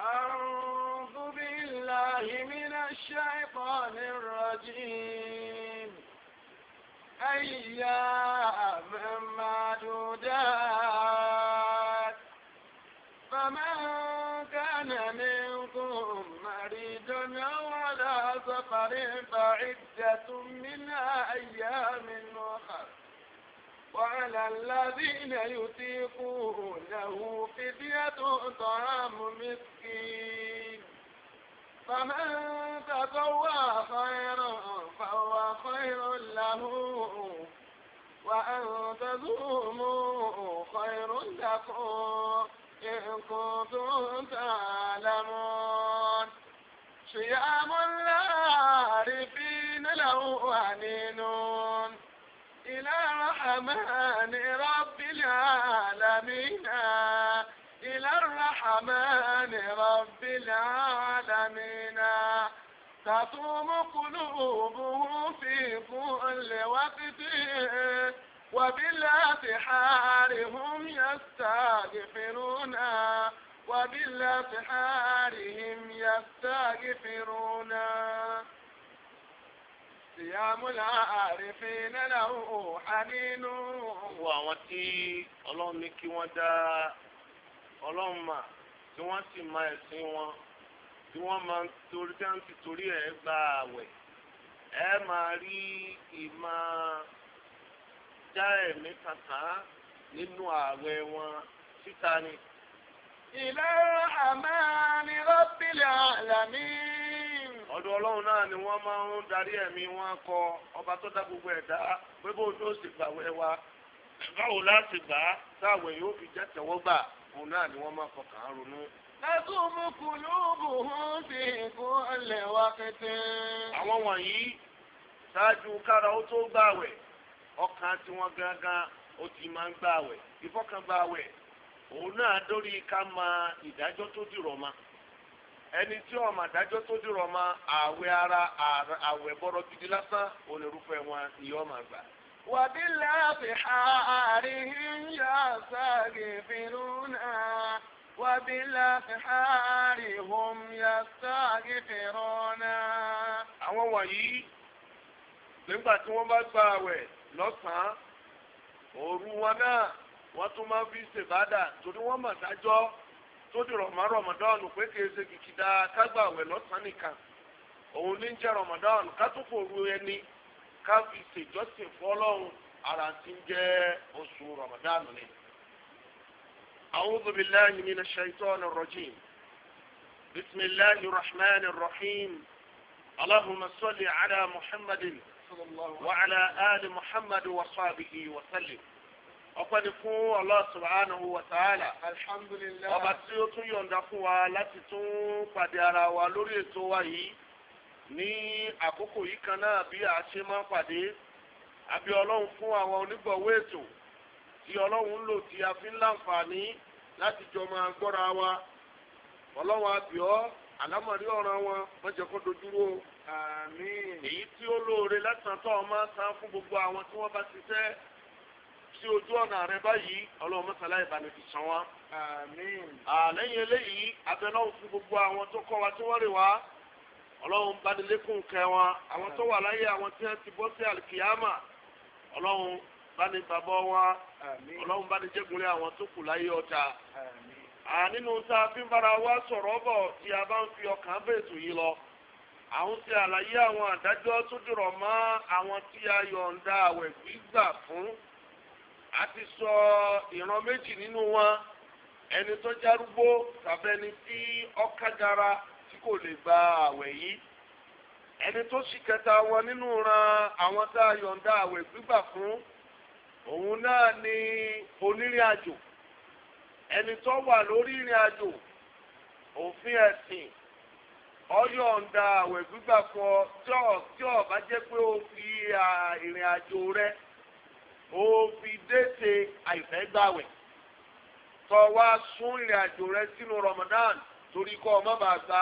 أعوذ بالله من الشيطان الرجيم أيام معدودات فمن كان منكم مريضا أو على سفر فعدة من أيام وعلى الذين يتيقونه فدية طعام مسكين فمن تطوى خيرا فهو خير له وأن تزوموا خير لكم إن كنتم تعلمون صيام العارفين له عن الرحمن رب العالمين إلى الرحمن رب العالمين تطوم قلوبه في كل وقت وبالأسحار هم يستغفرون وبالأسحار هم يستغفرون síyámú láàárín fi nẹ́nà òòhà nínú. gbogbo àwọn tí ọlọ́run ní kí wọ́n dá ọlọ́run mà tí wọ́n sì ma ẹ̀sìn wọn tí wọ́n máa ń torí tí wọ́n ti torí ẹ̀ gba àwẹ̀ ẹ máa rí ìmọ̀ já ẹ̀mí kankan nínú ààwẹ̀ wọn síta ni. ìlera àmọ́ ni rọ́bìlì àlàmí. ọ̀dọ̀ ọlọ́run náà ni wọ́n máa ń darí ẹ̀mí wọn kọ ọba tó dá gbogbo ẹ̀dá pé bó tó sì gbàwẹ̀ wá. báwo láti gbà á táwọn yóò fi jẹ́ tẹ̀wọ́gbà òun náà ni wọ́n máa fọkàn án ronú. ẹkún kùlùbùhún sí ìkúnlẹ̀ wa kẹtẹ́. àwọn wọ̀nyí ṣáájú kára ó tó gbàwẹ̀ ọkàn tiwọn gangan ó ti máa ń gbàwẹ̀ ìfọkàngbàwẹ̀ òun náà dórí ká máa ìdájọ́ tó dìrọ̀ máa. ẹni tí ọmọ àdájọ́ tó dìrọ̀ ma àwẹ̀ ara àwẹ̀ bọ́rọ̀ gidi lásán onírúfẹ́ wọn ìyá ọmọ àgbà. wàbí láàbì àárín yá wàbí láàbì àárín hom yá sáàgì fìrúnà. àwọn wọ̀nyí nígbà tí wọ́n bá gba àwẹ̀ lọ́sàn-án òru wọn náà wọ́n fi ṣèbádà torí wọ́n mọ̀ dájọ́. tó di rọmọ rọmọdọ́ọ̀nù pé kì í ṣe kìkìdá kágbàwẹ̀ lọ́sàn-án nìkan òun ní jẹ́ rọmọdọ́ọ̀nù kátòfòrú ẹni ká fi ṣèjọ́sìn fọlọ́run ara ti ń jẹ́ oṣù rọmọdọ́ọ̀nù ni. أعوذ بالله من الشيطان الرجيم بسم الله الرحمن الرحيم اللهم صل على محمد وعلى آل محمد وصحبه وسلم ọpẹ́ ni fún Allah subhanahu ọba tí ó tún yọ̀ǹda fún wa láti tún pàdé ara wa lórí ètò wa yìí ní àkókò yìí kan náà bí a ṣe máa ń pàdé àbí ọlọ́run fún àwọn onígbọ̀wọ́ ètò tí ọlọ́run ń lò tí a fi ń láǹfààní láti jọ máa gbọ́ra wa ọlọ́run àbíọ́ àlámọ̀rí ọ̀ràn wọn wọ́n kó dojúrú èyí tí ó lóore lẹ́sàn tó ọmọ san fún gbogbo àwọn tí wọ́n bá ṣiṣẹ́ sí ojú ọ̀nà rẹ báyìí ọlọ́run mọ́sálá ìbànújì sàn wá. àlẹ́yìn eléyìí abẹ́lọ́run fún gbogbo àwọn tó kọ́ wa tí wọ́n rè wá ọlọ́run bánilékún kẹ́ wọn àwọn tó wà láyé àwọn tí wọ́n ti bọ́ sí àlìkìyàmà ọlọ́run báni bàbọ́ wọn ọlọ́run báni jẹ́gunlé àwọn tó kù láyé ọjà. nínú tá a wa sọ̀rọ̀ bọ̀ tí a bá ń fi ọkàn bẹ̀ẹ̀tù yìí lọ àwọn ti àlàyé àwọn àdájọ́ tó dìrọ̀ mọ́ àwọn tí a yọ̀ǹda àwẹ̀ gbígbà fún a ti sọ ìran méjì nínú wọn ẹni tó járúgbó tàbí ẹni tí ọkàgara tí kò lè gba àwẹ̀ yìí ẹni tó sì kẹta wọn nínú ran àwọn tá a yọ̀ǹda àwẹ̀ gbígbà fún òun náà ni onírìn àjò ẹni tó wà lórí ìrìn àjò òfin ẹ̀sìn ọyọ̀ǹda àwẹ̀ gbígbà fún ọ tí ọ̀ bá jẹ́ pé o fi ìrìn àjò rẹ o dése àìfẹ́ gbàwẹ̀ tó wá sún ìrìn àjò rẹ sínú Ramadan torí kọ́ ọmọ bàá gba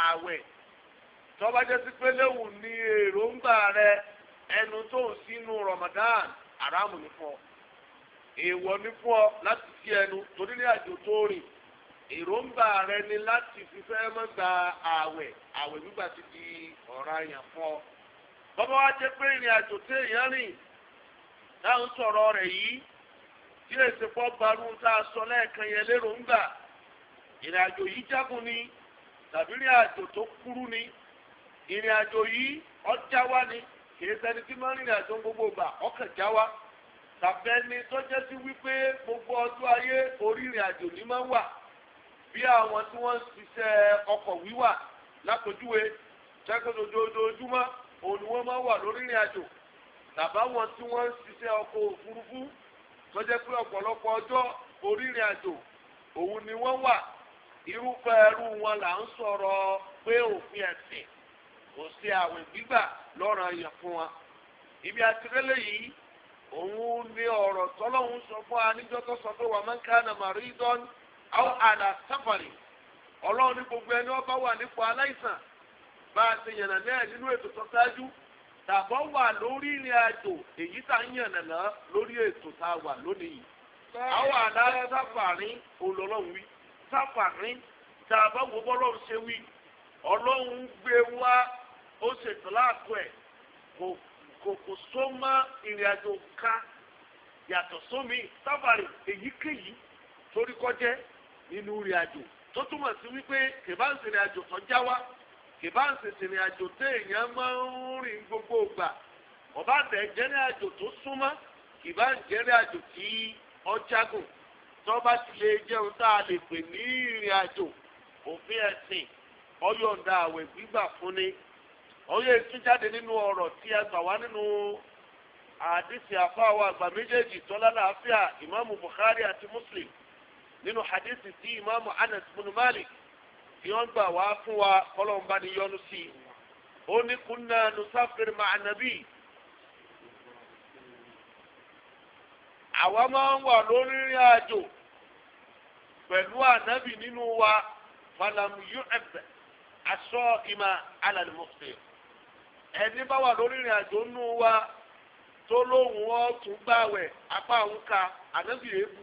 ààwẹ̀ tó bá jẹ́ sí pé léwu ní èròǹgbà rẹ ẹnu tó ń Ramadan àràmù ní fún ọ èèwọ̀ ní fún ọ láti sí ẹnu torí ní àjò tó rìn èròǹgbà ni láti fi mọ́ gba ààwẹ̀ di ọ̀ranyàn fún ọ. bọ́bá wa jẹ́ pé ìrìn àjò rìn táwọn sọ̀rọ̀ rẹ̀ yìí tí èsì pọ̀ barú tá a sọ lẹ́ẹ̀kan yẹn lérò ń gbà ìrìn àjò yìí jágun ni tàbí ìrìn àjò tó kúrú ni ìrìn àjò yìí ọjà wá ni kìí ṣẹni tí máa ń rìnrìn àjò gbogbo gbà ọkàn já wá tàbí ẹni tó jẹ́ sí wípé gbogbo ọdún ayé orí ìrìn àjò ní máa ń wà bí àwọn tí wọ́n ń ṣiṣẹ́ ọkọ̀ wíwà lápòjúwe jẹ́kọ̀ọ́ ojoojúmọ́ òun ni wọ́n máa ń wà lórí ìrìn àjò tàbá wọn tí wọ́n ń ṣiṣẹ́ ọkọ̀ òfurufú tó jẹ́ pé ọ̀pọ̀lọpọ̀ ọjọ́ orírìn àjò òun ni wọ́n wà irúfẹ́ ẹrú wọn là ń sọ̀rọ̀ pé òfin ẹ̀sìn kò sí àwìn gbígbà lọ́ràn yẹn fún wa ibi àtìrẹ́lẹ̀ yìí òun ní ọ̀rọ̀ tọ́lọ́hún sọ fún wa níjọ́ tó sọ pé wà máa ń ká nà màrídọ́n àwọn àdà sáfàrì ọlọ́run ní gbogbo ẹni ọba wà nípò aláìsàn bá a ti yànnà náà nínú ètò tó ṣáájú tàbọ̀ wà lórí ìrìn àjò èyí tá ń yànnàná lórí ètò tá a wà lónìí yìí àwọn àná sáfàrín olólùwọ́n wí sáfàrín tàbọ̀ wò bọ́lọ́ ṣe wí ọlọ́run gbé wá ó ṣètò láàkó ẹ̀ kò kò só mọ́ ìrìn àjò ká yàtọ̀ sómi sáfàrín èyíkéyìí torí kọjẹ́ nínú ìrìn àjò tó túmọ̀ sí wípé kèbá ń àjò tó já wá kìbáǹsì sì ni àjò téèyàn máa ń rìn gbogbo ìgbà ọba àtẹ jẹrẹ àjò tó súnmọ́ kìbáǹsì jẹrẹ àjò tí ọjàgùn tọba ti lè jẹun tá a lè pè ní ìrìn àjò òfin ẹ̀sìn ọyọ̀ǹda àwẹ̀ gbígbà fúnni ọyọ ìtújáde nínú ọ̀rọ̀ tí a gbà wá nínú àdìsí àfáwọ àgbà méjèèjì tọ́lá làáfíà ìmáàmù Bukhari àti Muslim nínú àdìsí tí ìmáàmù Anas bin Malik. tí wọ́n gbà wá fún wa kọ́lọ́n bá ní yọ́nú sí i ó ní kunna nusafir ma'a àwa máa ń wà lórí ìrìn àjò pẹ̀lú ànábì nínú wa falamu u.f aṣọ ìmọ̀ alal mufti ẹni bá wà lórí ìrìn àjò nínú wa tó lóhùn ọ́ tún gbàwẹ̀ apá òun ka ànábì èébù.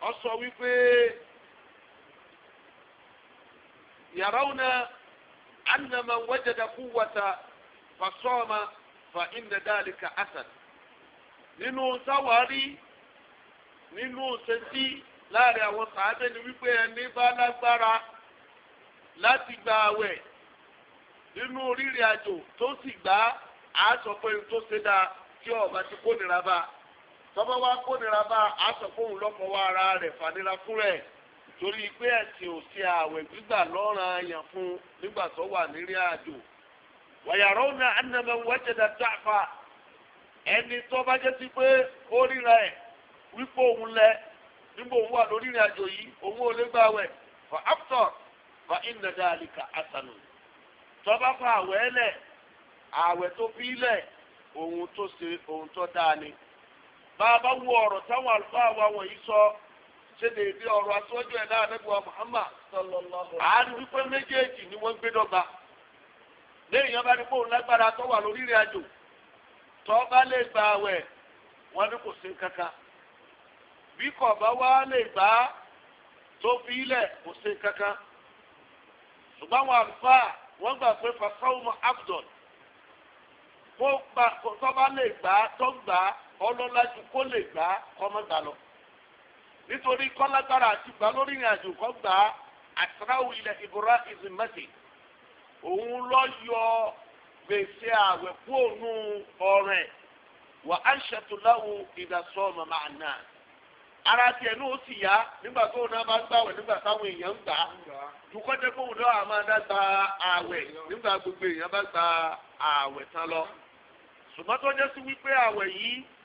ó sọ wípé yarawna anna man wajada quwwata fasoma fa inna dhalika asad nínú sáwárí nínú sẹ́ńtì láàrin àwọn sàádé ni wípé ẹni bá lágbára láti gba àwẹ̀ nínú rírìn àjò tó sì gbà á sọ pé tó ṣe dáa tí ọba ti kó nira bá a tọ́ba wa kónira bá a sọ fóun lọ́kọ̀ wá ara rẹ̀ fanira fún rẹ̀ torí pé ẹ̀sìn ò ṣe ààwẹ̀ gbígbà lọ́ràn àyàn fún nígbà tó wà nírí àjò wàyàrá ọ̀nà ànàmọ̀ wẹ́jẹ̀dà dáfà ẹni tó bá jẹ́ sí pé ó ríra ẹ̀ wípé òun lẹ nígbà òun wà lórí ìrìn àjò yìí òun ò lè gbààwẹ̀ for after for ìnàdà àlìkà àtàlù tọ́ba fa àwẹ̀ lẹ̀ àwẹ̀ tó fi lẹ̀ òun tó ṣe òun tó dáa ni bàbá wo ọ̀rọ̀ táwọn àlùfáà wa wọ̀nyí sọ ṣe lè bí ọ̀rọ̀ aṣọ́jú ẹ̀dá àdẹ́gbọ̀n Muhammad sallallahu alaihi wasallam. àárín wípé méjèèjì ni wọ́n gbé dọ́gba léèyàn bá ní kóun lágbára tó wà lórí ìrìn àjò tó bá lè gba àwẹ̀ wọn ní kò sí kankan bí kò bá wá lè gbà á tó fi ilẹ̀ kò sí kankan ṣùgbọ́n àwọn àlùfáà wọ́n gbà pé fasawumu abdul kó bá lè gbà tó gbà ọlọ́lá ju kó lè gbà kọ́mọ́ gbà lọ nítorí kọ́lágbára àti gbà lórí ìrìn àjò kọ́ gbà àtàràwò ilẹ̀ ìbúra ìzìmẹ́sì òun lọ yọ gbèsè àwẹ̀ fóònù ọ̀rẹ́ wà á ìdásọ́ màmá ara tiẹ̀ ní o sì yá nígbà tó náà bá gbàwẹ̀ nígbà táwọn èèyàn ń gbà dùkọ́jẹ́ náà a máa àwẹ̀ nígbà gbogbo èèyàn bá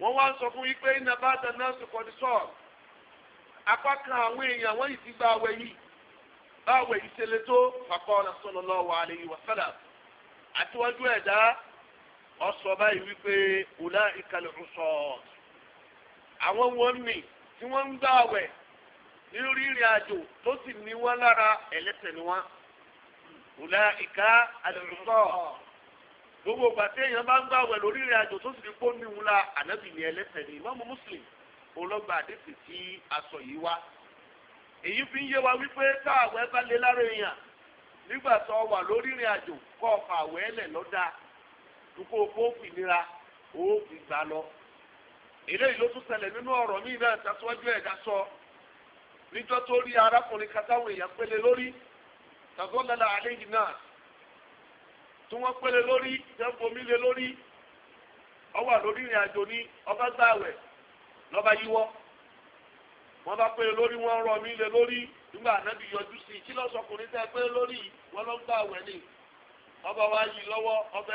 wọ́n wá ń sọ fún yín pé iná bá dáná sọkọ ní sọ́ọ̀ apá kan àwọn èèyàn wọ́n yìí ti gba àwẹ̀ yìí bá àwẹ̀ yìí ṣẹlẹ̀ tó fàkọ́ọ̀lá sallallahu alayhi wa sallam àtiwájú ẹ̀dá ọ̀sọ̀ báyìí wípé ọ̀là ìkàlẹ̀ ọ̀sọ̀ àwọn wọn mì tí wọ́n ń gba àwẹ̀ nínú rírìn àjò tó sì ní wọn lára ẹlẹ́ṣẹ̀ ni wọn ọ̀là ìkà àlẹ̀ gbogbo ìgbà tí èèyàn bá ń gbà wẹ̀ lórí ìrìn àjò tó sì fi kó níhun la ànábì ní ẹlẹ́sẹ̀ ni ìmọ̀mù muslim olọ́gba àdéhùn tí aṣọ yìí wá. èyí fi ń yé wa wípé tá àwẹ̀ bá lé lára èèyàn nígbà tó wà lórí ìrìn àjò kọ́ ọ̀fà àwẹ̀ ẹlẹ̀ lọ́dà dúpọ̀ fófin nira òògùn gbà lọ. eléyìí ló tún ṣẹlẹ̀ nínú ọ̀rọ̀ míì náà tàṣíwájú tó rí tí wọ́n pélé lórí tí wọ́n lé lórí ìrìn àjò ní ọba gbààwẹ̀ lọ́ba yíwọ́ wọ́n bá pélé lórí wọ́n rọ̀ lé lórí nígbà ànábì yọjú sí i kí lọ́sọkùnrin tẹ́ pélé lórí wọ́n lọ́ ni ọba wa yí lọ́wọ́ ọba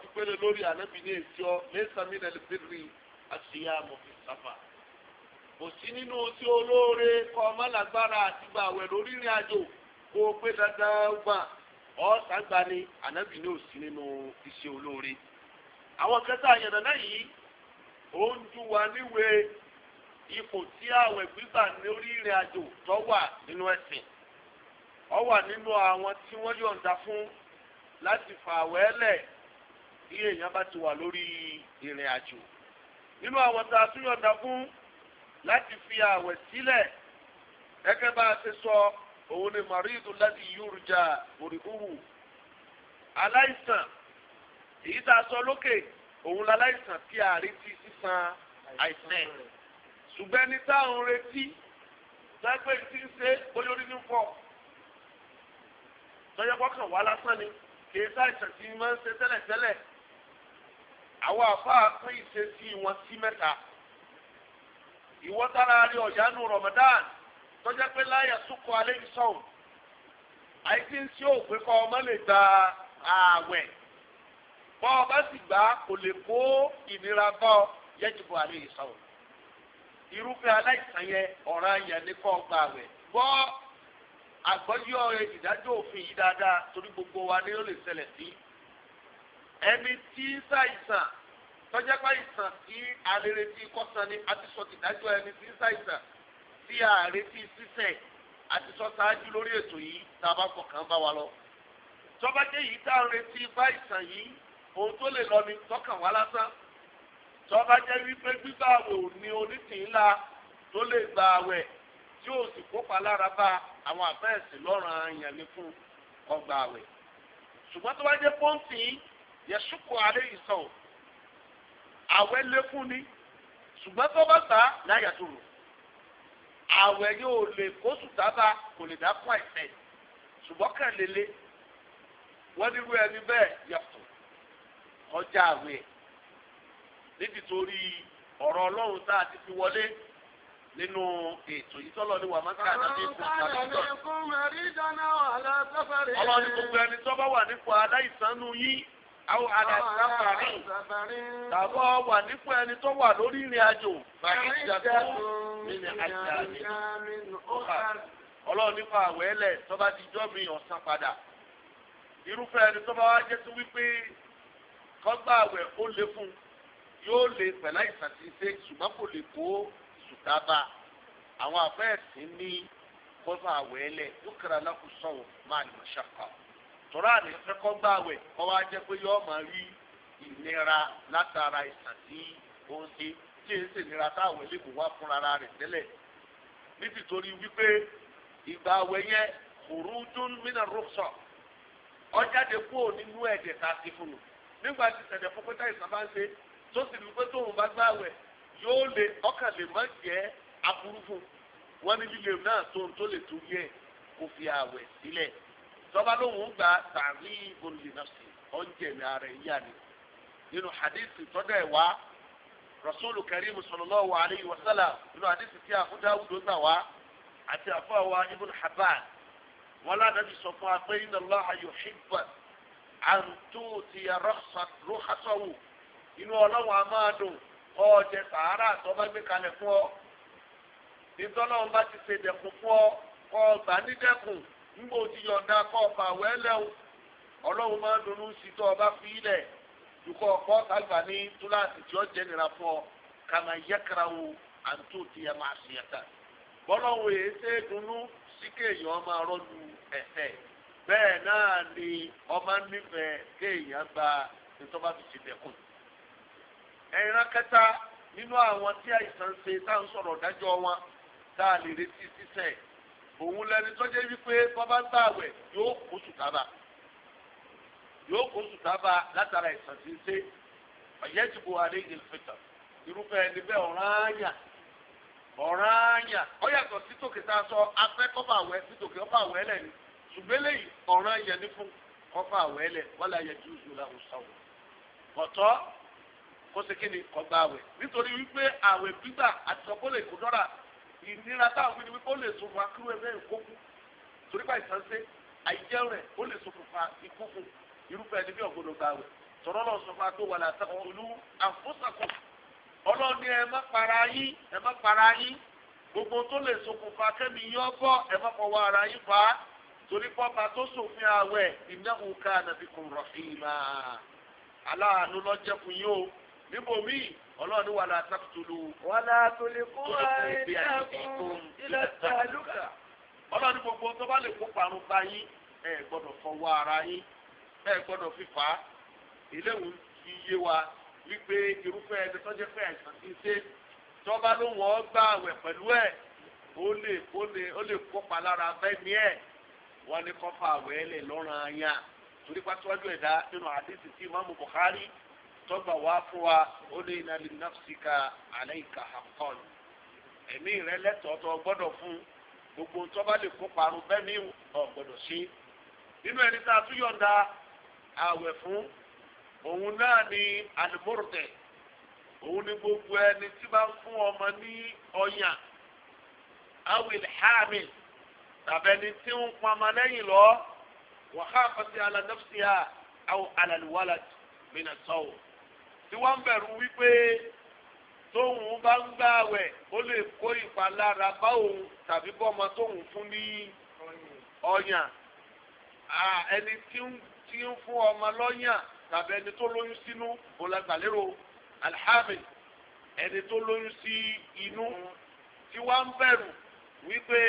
fi ń fún lórí ànábì ní èsì ọ nínú tí olóore ọmọ gbà ọ̀sàgbà ni ànábì ní òsì nínú iṣẹ́ olóore àwọn kẹta àyànnà yìí ó ń dún wa níwèé ipò tí àwẹ̀ gbígbà lórí ìrìn àjò tó wà nínú ẹ̀sìn ó wà nínú àwọn tí wọ́n yọ̀ǹda fún láti fà àwẹ̀ bí èèyàn bá ti wà lórí ìrìn àjò nínú àwọn tá a tún yọ̀ǹda fún láti fi àwẹ̀ sílẹ̀ gẹ́gẹ́ bá a ṣe sọ. So, òun ni maridu láti yúrùjà òrìkúhù aláìsàn èyí tá a sọ lókè òun láláìsàn tí a retí sísan àìsàn ẹ̀ ṣùgbọ́n ẹni táwọn retí lágbé tí ń ṣe bóyá orí ní fọ́ tọ́jà kọ́kàn wá lásán ni kì í ṣàìsàn tí wọ́n ń ṣe tẹ́lẹ̀tẹ́lẹ̀ àwọn àfáà pín ìṣesí wọn sí mẹ́ta ìwọ́tara rí ọ̀yánú Ramadan tọ́já pé láyà súnkọ alẹ́ ìsọ̀hún àìsí ń sí òpin kọ́ ọmọ lè gba ààwẹ̀ bọ́ ọ bá sì gbà kò lè kó ìnira bá ọ yẹ́jìbọ̀ alẹ́ ìsọ̀hún irúfẹ́ aláìsàn yẹn ọ̀ràn yẹn ní kọ́ gba ààwẹ̀ bọ́ àgbọ́yọ̀ ìdájọ́ òfin yìí dáadáa torí gbogbo wa ni ó lè ṣẹlẹ̀ sí ẹni tí ṣàìsàn tọ́já pé àìsàn tí alẹ́ retí kọ́sán ni a sọ tí a retí sísẹ̀ àti sọ́sáájú lórí ètò yìí tá a bá fọkàn bá wa lọ. tọ́ba jẹ́ yìí tá a retí bá ìsàn yìí ohun tó lè lọ ni tọ́kàn wá lásán. tọ́ba jẹ́ wípé gbígbà àwẹ̀ ò ní onítìńlá tó lè gba àwẹ̀ tí ó sì kópa lára bá àwọn àfẹ́ẹ̀sì lọ́rùn àyàn ní fún ọgbà àwẹ̀. ṣùgbọ́n tọ́ba jẹ́ pọ́ǹtì yẹ alẹ́ ìsọ̀ àwẹ̀ lékún ni ṣùgbọ́n tọ́ba gbà láyà rò àwẹ̀ yóò lè kó sùtábà kò lè dá fún àìsàn ṣùgbọ́n kàn lélẹ̀ wọ́n nírú ẹni bẹ́ẹ̀ yàtọ̀ ọjà àwẹ̀ níbi torí ọ̀rọ̀ ọlọ́run tá a ti fi wọlé nínú ètò yìí tọ́lọ́ ní wà máa ń ká àdáṣe fún àdájọ́. ọlọ́run gbogbo ẹni tó bá wà nípò aláìsánú yìí àwọn àdàsáfàrí tàbọ̀ wà nípò ẹni tó wà lórí ìrìn àjò bàkìtì àti ọ̀hún mímí ajá mi ọlọ́run nípa àwẹ́lẹ̀ tọ́ba ti jọ́ mi ọ̀sán padà irúfẹ́ ẹni tọ́ba wa jẹ́ sí wípé kọ́gbà àwẹ̀ ó lé fún yóò lè pẹ̀lá ìsàtìsẹ́ ṣùgbọ́n kò lè kó sùtábà àwọn àfẹ́ẹ̀sì ní kọ́gbà àwẹ̀ ẹlẹ̀ yóò kẹ́ra lákùsọ̀wọ̀ máa ní ṣàkà tọ́ra àná fẹ́ kọ́gbà àwẹ̀ kọ́ wa jẹ́ pé yóò máa rí ìnira látara ìsàtì ó ń ṣe tí èyí sì nira táwọn eléèbò wá fúnra ara rẹ̀ tẹ́lẹ̀ nítorí wípé ìgbà àwẹ̀ yẹn khurujun mina rukhsa ọjáde kúrò nínú ẹ̀jẹ̀ tá a ti fún un nígbà tí sẹ̀dẹ̀ fún pété ìsàn bá ń ṣe tó sì ní pé tóun bá gbá àwẹ̀ yóò lè ọkàn lè má jẹ́ aburú fún wọn ní líle náà tóun tó lè torí ẹ̀ kó fi àwẹ̀ sílẹ̀ tọ́ba lóun gba tààrí ìbòlì náà sí ọ̀njẹ̀ ní ara ẹ̀yà ni nínú hadith tọ́jà ẹ̀ wá rasulu karim sallallahu alayhi wa sallam inú àdìsí tí àbú dáwùdó gbà wá àti àfọwà ibn habban wọn lánàbí sọ fún wa pé inna Allaha yuhibbu an tu'tiya rukhsahu inú ọlọ́run a máa dùn ọ̀ọ́dẹ sàárà tó bá gbé kalẹ̀ fún ọ ìtọ́lọ́run bá ti ṣe dẹ̀kun fún ọ kọ́ ọgbà nídẹ̀kùn nígbà tí yọ̀ǹda kọ́ ọ̀pá wẹ́lẹ́ o ọlọ́run máa ń dunnú sí tó ọba fi ilẹ̀ dukọ ọkọ taliba ní tulaasi tí ó jẹ nira fọ kama yakarawo àǹtó tiẹ máa ṣiyata bọlọwọ yi ese dunu sike yìí ọmọ ni ọmọ nífẹ̀ẹ́ kéèyàn gba ìtọ́ba fi ti nínú àwọn tí àìsàn ṣe tá wọn tá a lè retí òun lẹni wípé yóò kó sùtábà látara ìsàn tí ń ṣe ọ̀yẹ́ ti bu alẹ́ ìfẹ̀tọ̀ irúfẹ́ ẹni bẹ́ẹ̀ ọ̀ranyàn ọ̀ranyàn ó yàtọ̀ sí tòkè tá a sọ afẹ́ kọ́fà wẹ́ sí ọ̀fà wẹ́ lẹ̀ ni ṣùgbọ́n eléyìí ọ̀ranyàn ní fún kọ́fà wẹ́ lẹ̀ wọ́n láyé ju ìṣù làwọn sọ̀rọ̀ kọ̀tọ́ kó ṣe kíni kọgbà àwẹ̀ nítorí wípé àwẹ̀ gbígbà àti ọ̀pọ̀lẹ̀ kò dọ́ra ìnira táwọn fi ni wípé ó lè sùn irúfẹ́ ẹni bí ọ̀gbọ́dọ̀ gbàwé tọ́lọ́ lọ sọ fún wa pé wà látà olú àfúsàkù ọlọ́ọ̀ni ẹ má para yín ẹ má para yín gbogbo tó lè ṣokùnfà kẹ́mi yọ bọ́ ẹ má fọwọ́ ara yín pa á torí pọ́pá tó ṣòfin àwẹ̀ ìnáwó ká nàbìkùn rọ̀fìmà aláàánú lọ́jẹ̀kùn i, o níbo míì ọlọ́run ní wàhálà takutulu. wàhálà tolè fún àìsàn ilẹ̀ tàlùkà. ọlọ́run gbogbo tó bá lè kó parun bá yín ẹ gbọ́dọ̀ fọwọ́ ara yín bẹ́ẹ̀ gbọ́dọ̀ fífa ìléwọ̀n ti yé wa wípé irúfẹ́ ẹni tó jẹ́ pé àìsàn ti ṣe tọ́ba ló wọ́n gbà wẹ̀ pẹ̀lú ẹ̀ ó lè ó lè ó lè kópa lára bẹ́ẹ̀ni ẹ̀ wọ́n ní kọ́fà àwẹ̀ lè lọ́rùn aya torí pàṣẹwájú ẹ̀dá nínú àdéhùn tí Imam Bukhari tọ́gbà wá fún wa ó lè iná lè nafsika alayka haqqan ẹ̀mí rẹ lẹ́tọ̀ọ́ tó gbọ́dọ̀ fún gbogbo tọ́ba lè kópa arun bẹ́ẹ̀ni ọ̀ gbọ́dọ̀ ṣe nínú ẹni tá a tún yọ̀ǹda àwẹ̀ fún òun náà ni àlùmọ́rùtẹ̀ òun ni gbogbo ẹni tí bá ń fún ọmọ ní ọyàn awil hamil tàbẹ́ni tí ń pamọ lẹ́yìn lọ wàhálàfàṣẹ alanafṣíà àwọn alàlùwàlà mìnàtọ́wò tí wọ́n ń bẹ̀rù wípé tóun bá ń gbà wẹ̀ ó lè kó ìpalára bá tàbí bọ́mọ tóun fún ní ọyàn ẹni tí ń tí ń fún ọmọ lọ́yàn tàbí ẹni tó lóyún sínú ọ̀làgbàlérò alhamid ẹni tó lóyún sí inú tí wọ́n ń bẹ̀rù wípé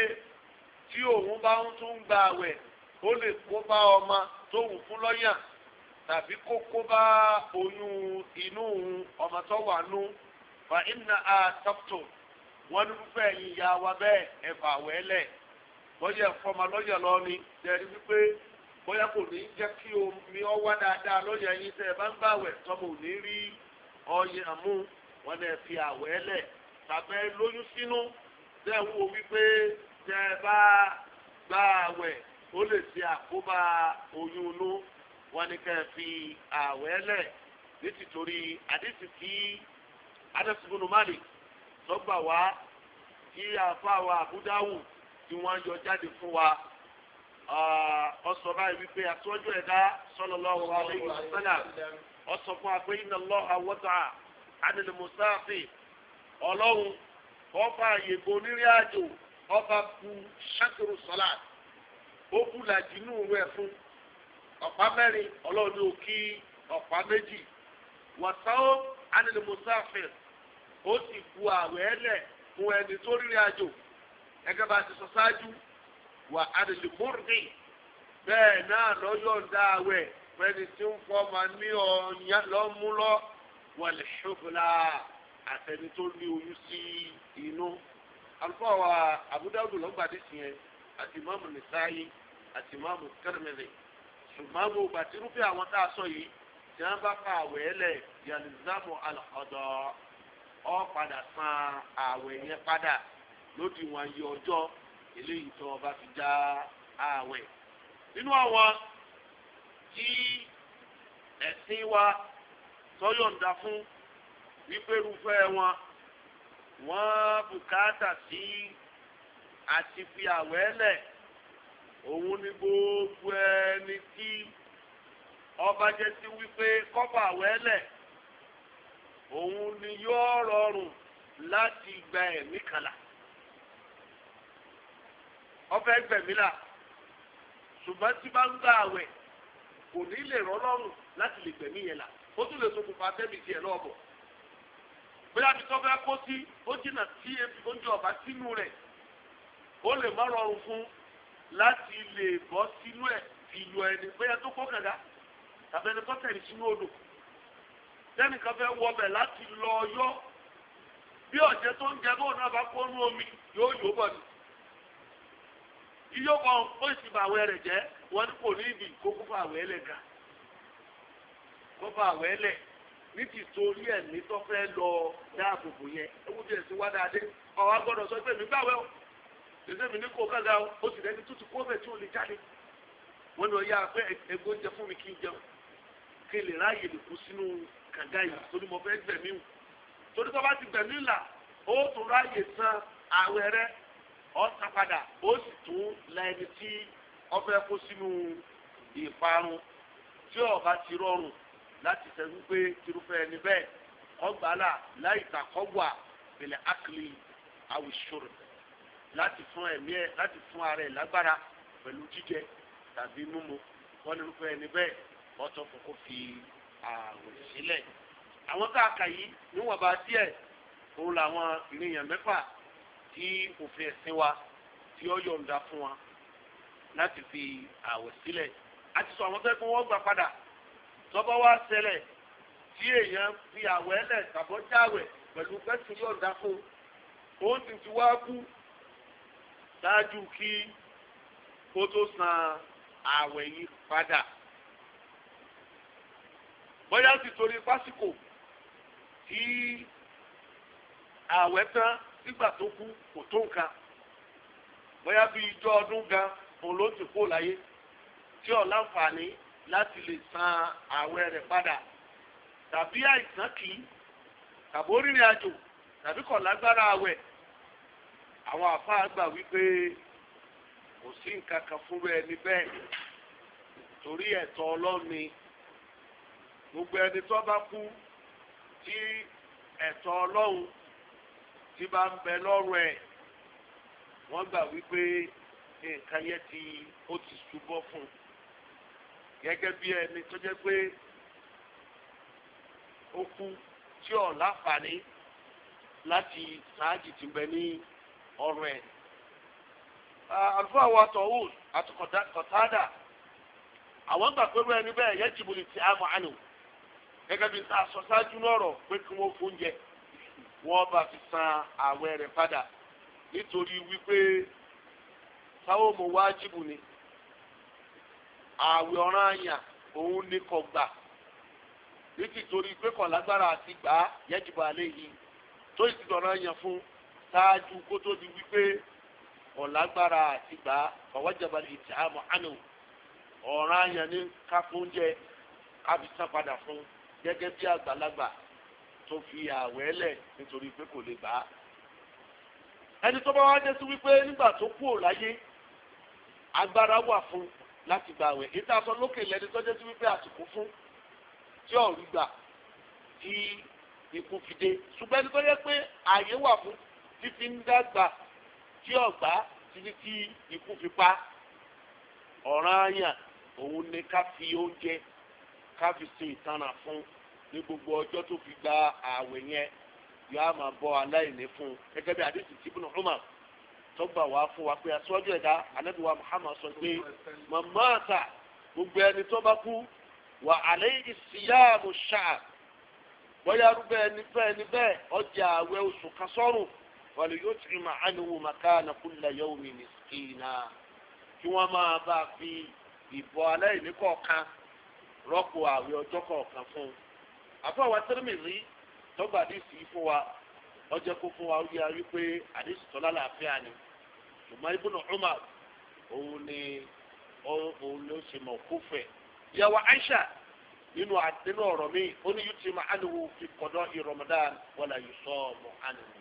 tí òun bá ń tún gba àwẹ̀ ó lè kó bá ọmọ tóun fún lọ́yàn tàbí kó kó bá oyún inú ọmọ tó wà nú fa inna a tọ́pùtò wọ́n ní fífẹ́ ẹ̀yìn ìyá wa bẹ́ẹ̀ ẹ̀fà wẹ́lẹ̀ bọ́jà fọmọ lọ́yàn lọ́ni jẹ́rí wípé bóyá kò ní jẹ́ kí omi ọwá dáadáa lọ́yà yín tẹ́ ẹ bá ń bàwẹ̀ tọ́mọ ò ní rí ọyẹ mú wọn lè fi àwẹ̀ lẹ̀ tàbẹ́ lóyún sínú tẹ́ ẹ wo wípé tẹ́ ẹ bá gba àwẹ̀ ó lè ṣe àkóbá oyún inú wọn ni kẹ́ ẹ fi àwẹ̀ lẹ̀ ní tìtorí àdìsí tí adẹ́sìnkúnnù máàlì sọ́gbà wá kí àfa wa àbúdáwù tí wọ́n yọ jáde fún wa ọsọ ah, báyìí wípé aṣojú ẹ̀dá sallallahu alaihi wasallam ọsọ fún wa pé inna Allaha wata'a 'anil musafir ọlọ́run ọba àyègbò onírìn àjò ọba bu ṣàkóso sọ́lá ó bu làjì inú rẹ̀ fún ọ̀pá mẹ́rin ọlọ́run ní òkì ọ̀pá méjì wàsáwó 'anil musafir ó sì bu àwẹ̀ ẹlẹ̀ fún ẹni tó rìnrìn àjò ẹgẹ́ bá ti sọ ṣáájú wà àdìlùmọ́rì bẹ́ẹ̀ náà lọ́yọ̀ǹda àwẹ̀ pẹ́ni tí ń fọ́ máa ní ọ̀yàn lọ́múlọ́ wọlé ṣọ́fúnla àtẹni tó ní oyún sí inú. àlùfáà wa Abu Dawud lọ́gbàdì sí yẹn àti Imam Nisa'i àti Imam Tirmidhi ṣùgbọ́n mo gbà tí rúfẹ́ àwọn tá a sọ yìí tí wọ́n bá fa àwẹ̀ ẹlẹ̀ yalizamu alọ́dọ̀ ọ padà san àwẹ̀ yẹn padà lódiwọ̀n yìí ọjọ́ eléyìí tó ọba fi já ààwẹ̀ nínú àwọn tí ẹ̀sìn wa tọ́yọ̀ǹda fún wípé irúfẹ́ wọn wọ́n bùkátà sí àti fi àwẹ̀ òun ni gbogbo ẹni tí ọba jẹ́ sí wípé kọ́ba àwẹ̀ òun ni yóò rọrùn láti gba ẹ̀mí kàlà ọfẹ gbẹmí la ṣùgbọ́n tí bá ń gbà àwẹ̀ kò ní lè rọlọ́rùn láti lè gbẹ̀mí yẹn la ó tún lè ṣokùnfà tẹ́mi tiẹ̀ lọ́ọ̀bọ̀ bóyá bí tọ́fẹ́ kó sí ó jìnnà tí oúnjẹ ọ̀bá sínú rẹ̀ ó lè má rọrùn fún láti lè bọ́ sínú ẹ̀ ìlú ẹni bóyá tó kọ́ kàdá tàbí ẹni tó tẹ̀lé sínú odò tẹ́nìkan fẹ́ wọbẹ̀ láti lọ yọ bí ọ̀jẹ̀ tó ń jẹ bóun náà bá kó nú omi yóò yóò bọ̀ ni iye ọkọ oṣù bàwẹ̀ rẹ̀ jẹ́ wọ́n ní kò ní ìdí kókó bàwẹ̀ lẹ̀ ga kókó bàwẹ̀ lẹ̀ ní ti e torí ẹ̀ ní tó fẹ́ lọ dáàbòbò yẹn ewu bí ẹ̀sìn e wá dáadé ọ̀wá gbọ́dọ̀ sọ pé mi gbàwẹ̀ o ṣèṣe mi ní kó kága o ó sì dẹ́ni tútù kó bẹ̀ tí ò lè jáde wọ́n ní ọ̀yá pé egbò jẹ fún mi kí n jẹun kí n lè ráàyè lè kú sínú kànga yìí torí mo fẹ́ gbẹ̀mí wù torí tó bá ti gbẹ̀mí là ó tún ráàyè san àwẹ̀ rẹ̀ ọ̀sán padà ó sì tún la ẹni tí ọfẹ́ kó sínú ìparun tí ọba ti rọrùn láti sẹ́nu pé tirúfẹ́ ẹni bẹ́ẹ̀ ọgbàlà láì tàkọ́gbà bẹ̀lẹ̀ ákìlì àwùjọ láti fún ẹ̀mí ẹ̀ láti fún ara ẹ̀ lágbára pẹ̀lú jíjẹ tàbí mímu wọ́n ní ẹni bẹ́ẹ̀ ọtọ́ kókó fi ààrùn sílẹ̀. àwọn káàkà yìí níwọ̀nba díẹ̀ òun làwọn ìrìnyàn mẹ́fà tí òfin ẹ̀sìn wa tí ó yọ̀ǹda fún wa láti fi àwẹ̀ sílẹ̀ àti sọ àwọn sẹ́kùn wọ́n gbà padà tọ́bọ̀ wá ṣẹlẹ̀ tí èèyàn fi àwẹ̀ lẹ̀ tàbọ̀ jáwẹ̀ pẹ̀lú pẹ́sìn yọ̀ǹda fún òun sì ti wá kú ṣáájú kí ó tó san àwẹ̀ yìí padà bóyá sì torí pásíkò tí àwẹ̀ tán sígbà tó kú kò tó nǹkan bóyá bí ijó ọdún gan òun ló ti kó láyé tí ọ̀ láǹfààní láti lè san ààwẹ̀ rẹ̀ padà tàbí àìsàn kì í tàbí orírìn àjò tàbí kò lágbára ààwẹ̀ àwọn àfáà gbà wípé kò sí nǹkan kan fúnra ẹni bẹ́ẹ̀ torí ẹ̀tọ́ ọlọ́ni gbogbo ẹni tó bá kú tí ẹ̀tọ́ ọlọ́run tí bá ń bẹ lọ́rùn ẹ̀ wọ́n gbà wípé nǹkan yẹn ti ó ti ṣubọ́ fún un gẹ́gẹ́ bí ẹni tó jẹ́ pé ó kú tí ò láǹfààní láti ṣáájì ti bẹ ní ọrùn ẹ̀. àlùfáà wa tọ̀hún àwọn gbà pé ẹni bẹ́ẹ̀ yẹ jìbìlì tí a mọ̀ àná gẹ́gẹ́ bí sọ lọ́rọ̀ pé kí wọ́n fún oúnjẹ wọ́n bá fi san àwẹ̀ rẹ̀ padà nítorí wípé sáwọ́mù wájibù ni àwẹ̀ ọ̀ràn àyà òun ní kò gbà létí torí pé kò lágbára àti gbà á yẹ́jìbọ̀ alẹ́ yìí tó sì ti ọ̀ràn àyà fún ṣáájú kó tó di wípé kò lágbára àti gbà á ọ̀wọ́jàbá lè tẹ̀ àmọ́ àná ọ̀ràn àyà ní ká ká fi san padà fún gẹ́gẹ́ bí àgbàlagbà tó fi àwẹ̀ lẹ̀ nítorí pé kò lè gbà á. ẹni tó bá wá dé sí wípé nígbà tó kú ò láyé agbára wà fún láti gba àwẹ̀ èyí tá a sọ lókè lẹ́ni tó dé sí wípé àsìkò fún tí ọ̀rí gbà tí ikú fi dé ṣùgbọ́n ẹni tó yẹ pé ààyè wà fún títí ń dàgbà tí ọ̀gbá títí tí ikú fi pa ọ̀ràn àyàn òun ni ká fi oúnjẹ ká fi ṣe ìtanà fún un. ní gbogbo ọjọ́ tó fi gba ààwẹ̀ yẹn yóò á bọ́ aláìní fún un gẹ́gẹ́ bí àdéhùn tí Ibn Umar tó fún wa pé aṣọ́jú ẹ̀dá Ànábì Muhammad sọ pé màmá àtà gbogbo ẹni tó bá kú wà ẹni bẹ́ẹ̀ ni bẹ́ẹ̀ ọjà àwẹ̀ oṣù yóò tì mà kí wọ́n máa bá fi ìbọ̀ aláìní kọ̀ọ̀kan rọ́pò àwẹ̀ ọjọ́ àfọ àwọn Tirmidhi tọgbà àdìsí fún wa ọjọ kó fún wa ó yẹ wípé àdìsí tọ́lá làáfíà ni ṣùgbọ́n Ibn Umar òun ni òun ni ṣe mọ̀ kó fẹ̀. ìyàwó Aisha nínú àdínú ọ̀rọ̀ mi ó ní yúti ma ánìwò fi kọ̀dọ̀ ìrọ̀mọ̀dán wọlé yìísọ́ mọ̀ ánìwò.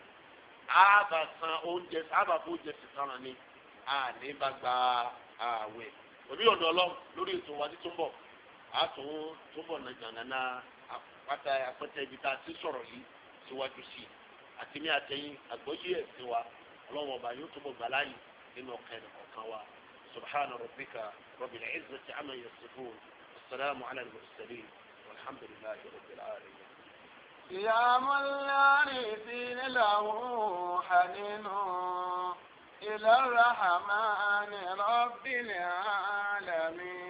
àbà san oúnjẹ àbà fún oúnjẹ sì tán ni àní bá gba ààwẹ̀. òbí ọ̀dọ́ ọlọ́run lórí ètò wa títúbọ̀ àtúntúbọ̀ nàjànánà àpáta àpẹtẹ ibi tá a ti sọ̀rọ̀ yìí síwájú sí i àti ní àtẹ̀yìn àgbọ́yé ẹ̀sìn wa ọlọ́wọ́n ọba yóò túbọ̀ gbà láàyè nínú ọkàn ẹnìkọ̀ọ̀kan wa subhana rabbika rabbil izzati amma yasifun wasalaamu ala al-mursalin walhamdulillahi rabbil alamin. يا من لا رزين له حنين إلى الرحمن رب العالمين